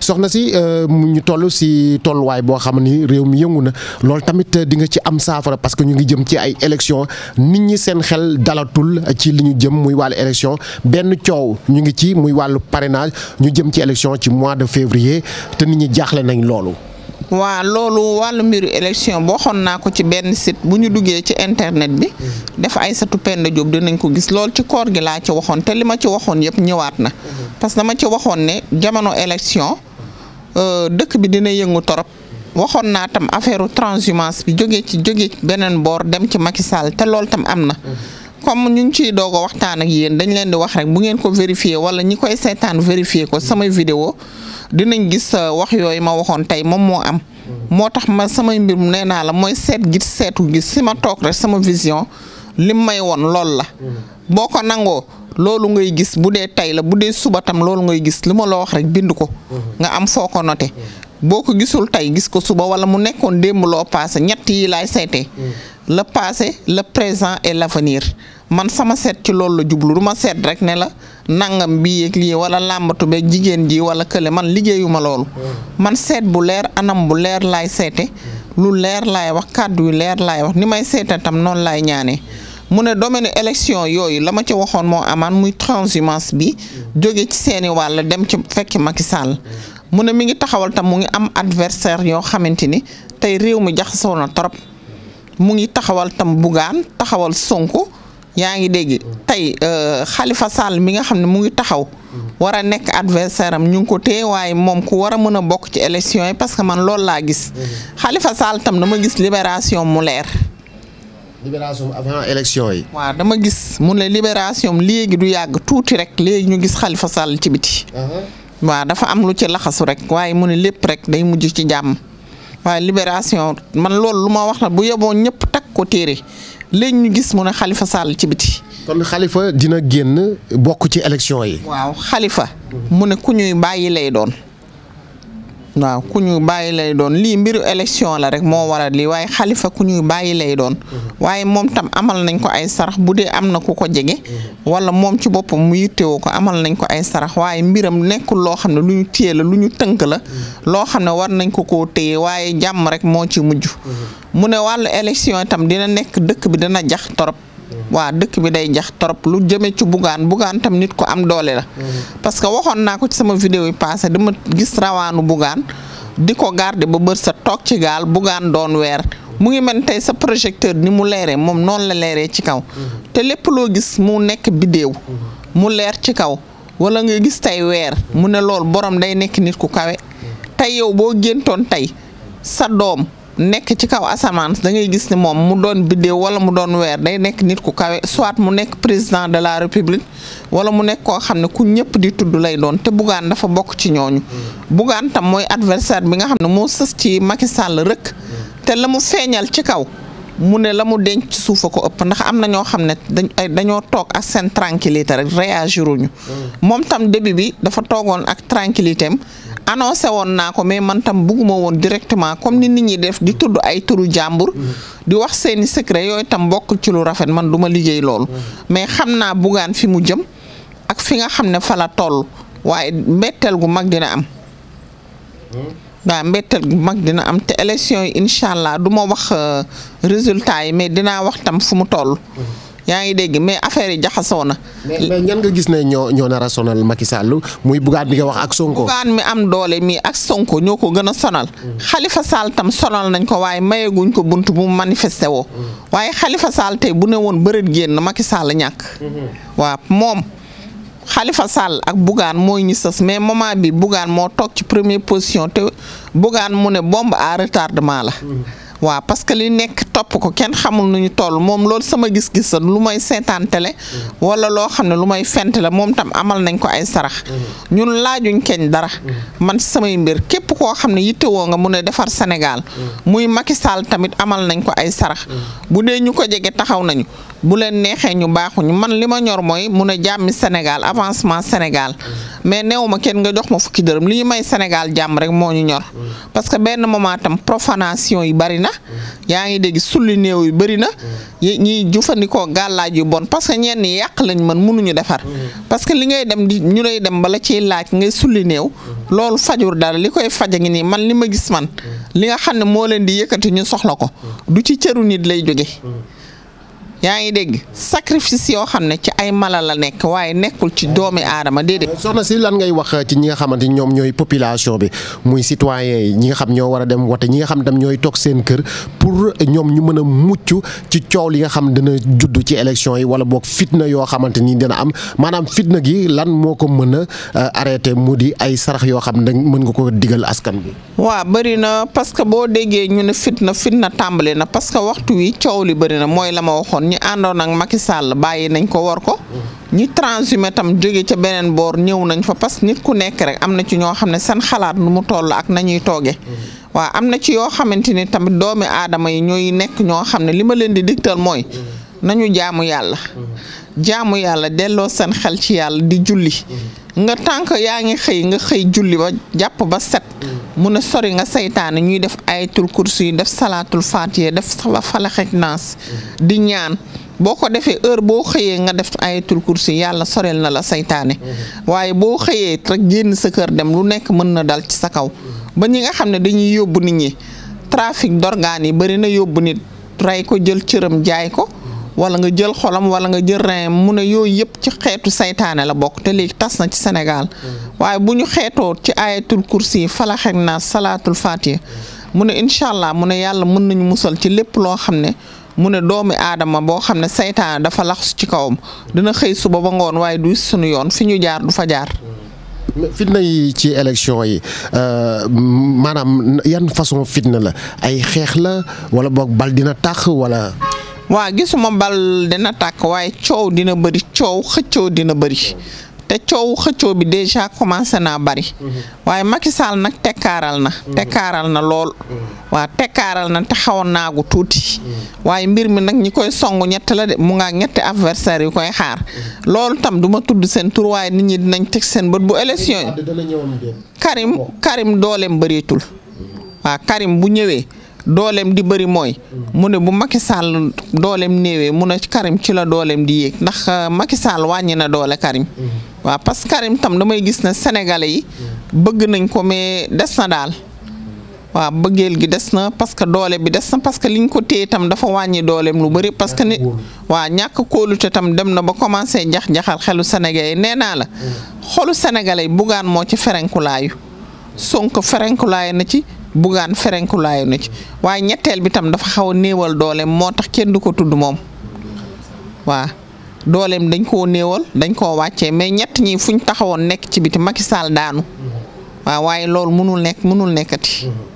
soxna si euh, ñu toll si tolluwaay boo xam ni réew mi yëngu na loolu tamit euh, di nga ci am saafara parce que ñu ngi jëm ci ay élection nit ñi seen xel dalatul ci li ñu jëm muy wàllu élection benn coow ñu ngi ci muy wàllu parrainage ñu jëm ci élection ci mois de février te nit ñi jaaxle nañ loolu. waa loolu wàllu mbiru élection boo xoon naa ko ci benn site bu ñu duggee ci internet bi mm-hmm. def Aïssatou Penda Diop dinañ ko gis loolu ci koor gi laa ci waxoon te li ma ci waxoon yëpp ñëwaat na mm-hmm. parce que dama ci waxoon ne jamono élection euh, dëkk bi dina yëngu torop waxoon naa tam affaire transhumance bi jógee ci jógee beneen boor dem ci Macky Sall te loolu tam am na mm-hmm. comme ñu ngi ciy doog a waxtaan ak yéen dañ leen di wax rek bu ngeen ko vérifier wala ñi koy seetaan vérifier ko samay vidéo dinañ gis euh, wax yooyu ma waxoon tey moom moo am. moo tax ma samay mbir mu nee naa la mooy seet gis seetu gi si ma toog rek sama vision lim may woon loolu la. boo ko nangoo loolu ngay gis bu dee tey la bu dee suba tam loolu ngay gis li ma la wax rek bind ko. nga am foo ko noté. boo ko gisul tey gis ko suba wala mu nekkoon démb loo paase ñett yi laay seetee. le passé le présent et l'avenir man sama seet ci loolu la jublu du ma seet rek ne la nangam bi yeeg lii wala làmbatu beeg jigéen ji wala kële man liggéeyuma loolu hmm. man seet bu leer anam bu leer lay seete hmm. lu leer laay wax kàddu yu leer laay wax ni may seete tam noonu laay ñaanee mu ne domaine élection yooyu la ma ci waxoon moo amaan muy transhumance bi hmm. jóge ci seeni wàll dem ci fekki Macky Sall mu ne mi ngi taxawal tam mu ngi am adversaire yoo xamante ni tey réew mi jaxasoo na trop mu ngi taxawal tam Bougane taxawal Sonko yaa ngi dégg tey xalifa euh, Sall mi nga xam ne mu ngi taxaw war a nekk adversaire am ñu ngi ko téye waaye moom ku war a mën a bokk ci élection yi parce que man loolu laa gis xalifa mhm. Sall tam dama gis libération mu leer libération avant yi waaw dama gis mun ne libération léegi du yàgg tuuti rek léegi ñu gis xalifa Sall ci biti uh-huh. waa dafa am lu ci laxasu rek waaye mu ne lépp rek day mujj ci jàmm waaye libération man loolu lu ma wax na bu yeboon ñëpp takk ko téere léegi ñu gis mu ne xalifa Sall ci biti. kon Khalifa dina génn bokk ci élection yi. waaw Khalifa. mu ne ku ñuy bàyyi lay doon. waaw ku ñu bàyyi lay doon lii mbiru élection la rek moo waral lii waaye xalifa ku ñu bàyyi lay doon. Mm-hmm. waaye moom tam amal nañ ko ay sarax bu dee am na ku ko jege. Mm-hmm. wala moom ci boppam mu yittewoo ko amal nañ ko ay sarax waaye mbiram nekkul loo xam ne lu ñu téye la lu ñu tënk la. Mm-hmm. loo xam ne war nañ ko ko téye waaye jàmm rek moo ci mujj. mu ne wàllu élection itam dina nekk dëkk bi dana jax torop waa dëkk bi day jax trop lu jëme ci bugaan bugaan tam nit ko am doole la. Mm-hmm. parce que waxoon naa ko ci sama vidéo yi passé dama gis rawaanu bugaan di ko garder ba bër sa toog ci gaal bugaan doon weer. mu ngi mel tey sa projecteur ni mu leeree moom noonu la leeree ci kaw. Mm-hmm. te lépp loo gis mu nekk biddéew. Mm-hmm. mu leer ci kaw wala nga gis tey weer mu ne lool borom day nekk nit ku kawe. tey yow boo géntoon tey sa doom. nekk ci kaw asamaan da ngay gis ni moom mu doon biddéew wala mu doon weer day nekk nit ku kawe soit mu nekk président de la république wala mu nekk koo xam ne ku ñëpp di tudd lay doon te Bougane dafa bokk ci ñooñu. Mm. Bougane tam mooy adversaire bi nga xam ne moo sës ci Macky Sall rëkk. Mm. te la mu feeñal ci kaw. mu ne la mu denc ci suufa ko ëpp ndax am na ñoo xam ne dañoo toog ak seen tranquillité rek réagiruñu mm. moom tam début bi dafa toogoon ak tranquillité am annoncé woon naa ko mais mantam tam bugguma woon directement comme ni nit ñi def di tudd ay turu jàmbur. di wax seeni secret yooyu tam bokkul ci lu rafet man duma liggéey loolu. mais xam naa bugaan fi mu jëm ak fi nga xam ne fala la toll waaye mbetteel gu mag dina am. waaw mbetteel gu mag dina am te élection yi incha allah du ma wax euh, résultat yi mais dinaa wax tam fu mu toll. yaa ngi dégg mais affaire yi jaxasoo na. mais ñan nga gis na ñoo ñoo nar a sonal Macky muy Bougane bi nga wax ak Sonko. Bougane mi am doole mii ak Sonko ñoo ko gën a sonal. xalifa Sall tam sonal nañ ko waaye mayeguñ ko bunt bu mu manifesté woo. waaye xalifa Sall tey bu ne woon bërët génn Macky Sall ñàkk. waaw moom. Khalifa Sall ak Bougane mooy ñu sës mais moment bi Bougane moo toog ci premier position te Bougane mu ne bombe à retardement la. waaw parce que li nekk topp ko kenn xamul nu ñu toll moom lool sama gis-gis lu may seetaantele wala loo xam ne lu may fent la moom tam amal nañ ko ay sarax ñun laajuñ kenn dara man samay mbir képp koo xam ne yittewoo nga mu ne defar Sénégal muy Macky Sall tamit amal nañ ko ay sarax bu dee ñu ko jege taxaw nañu bu leen neexee ñu baaxuñu man li ma ñor mooy mun a jàmmi Sénégal avancement Sénégal mais néew ma kenn nga jox ma fukki dërëm li ñu may Sénégal jàmm rek moo ñu ñor parce que benn moment tam profanation yi bari na yaa ngi dégg sulli néew yu bari na ñiy jëfandikoo gàllaaj yu bon parce que ñenn ñi yàq lañ mën mënuñu defar parce que li ngay dem di ñu lay dem bala ci laaj ngay sulli néew loolu fajur daal li koy faja ngi nii man li ma gis man li nga xam ne moo leen di yëkkati ñu soxla ko du ci cëru nit lay jóge yaa ngi dégg sacrifice yoo xam ne ci ay mala la nekk waaye nekkul ci doomi aadama déedéet. Euh, soxna si lan ngay wax euh, ci ñi nga xamante ni ñoom ñooy population bi muy citoyen yi ñi nga xam ñoo war a dem wote ñi nga xam tam ñooy toog seen kër pour ñoom ñu mën a mucc ci coow li nga xam dana judd ci élection yi wala boog fitna yoo xamante ni dana am maanaam fitna gi lan moo ko mën a euh, arrêté mu di ay sarax yoo xam ne mën nga ko digal askan bi. waaw bëri na wi coow ñu àndoon ak Macky Sall bàyyi nañ ko war ko. ñi transhumé tam jóge ca beneen boor ñëw nañ fa parce que nit ku nekk rek am na ci ñoo xam ne seen xalaat nu mu toll ak nañuy tooge. waaw am na ci yoo xamante ni tamit doomi aadama yi ñooy nekk ñoo xam ne li ma leen di digtal mooy. nañu jaamu yàlla. jaamu yàlla delloo seen xel ci yàlla di julli. nga tànk yaa ngi xëy nga xëy julli ba jàpp ba set. mun a sori nga saytaane ñuy def ayatul kursi def salaatul faatiha def falaxek naas di ñaan boo ko defee heure boo xëyee nga def ayatul kursi yàlla sorel na la saytaane waaye boo xëyee rek génn sa kër dem lu nekk mën na dal ci sa kaw ba ñi nga xam ne dañuy yóbbu nit ñi trafic d'organes yi bëri na yóbbu nit rey ko jël cëram jaay ko wala nga jël xolam wala nga jël rein mu ne yooyu yëpp ci xeetu saytaane la bokk te léegi tas na ci Sénégal mm-hmm. waaye bu ñu xeetoo ci ayatul kursi falaxek naa salaatul fatiha mm-hmm. mu ne incha allah mu ne yàlla mën nañu musal ci lépp loo xam ne mu ne doomi aadama boo xam ne saytaane dafa lax ci kawam mm-hmm. dana xëy suba ba ngoon waaye du suñu yoon fi ñu jaar du fa jaar. fitna yi ci élection yi euh, maanaam yan façon fitna la ay xeex la wala boog bal dina tax wala. waa gisuma bal dina tàkk waaye coow dina bëri coow xëccoo dina bëri te coow xëccoo bi déjà commencé naa bari mm-hmm. waaye Macky Sall nag tekkaaral na mm-hmm. tekkaaral na lool mm-hmm. waa tekkaaral na te xawoon naagu tuuti waaye mbir mi nag ñi koy song ñett la de mu ngaa ñetti adversaire yu koy xaar loolu tam duma tudd seen tur waaye nit ñi dinañ teg seen bët bu élection yi Karim Karim dooleem bëreetul waa Karim bu ñëwee dooleem di bëri mooy mu ne bu Macky Sall dooleem néewee mu ne Karim ci la dooleem di yéeg ndax euh, Macky Sall wàññi na doole Karim mm-hmm. waaw parce que Karim tam damay gis na Sénégalais yi mm-hmm. bëgg nañ ko mais des na daal waaw bëggeel gi des na parce que doole bi des na parce que liñ ko téye tam dafa wàññi dooleem lu bëri parce que ni waa ñàkk kóolute tam dem na ba commencé jax-jaxal xelu Sénégalais nee naa la mm-hmm. xoolu Sénégalais yi bugaan moo ci ferenkulaayu Sonko ferenkulaayu na ci bugaan ferenkulaayu na ci waaye ñetteel bitam dafa xaw a néewal dooleem moo tax kenn du ko tudd moom waa dooleem dañ ko néewal dañ koo wàcce mais ñett ñi fuñ taxawoon nekk ci biti Macky Sall daanu mm-hmm. waa waaye loolu mënul nekk mënul nekkati mm-hmm.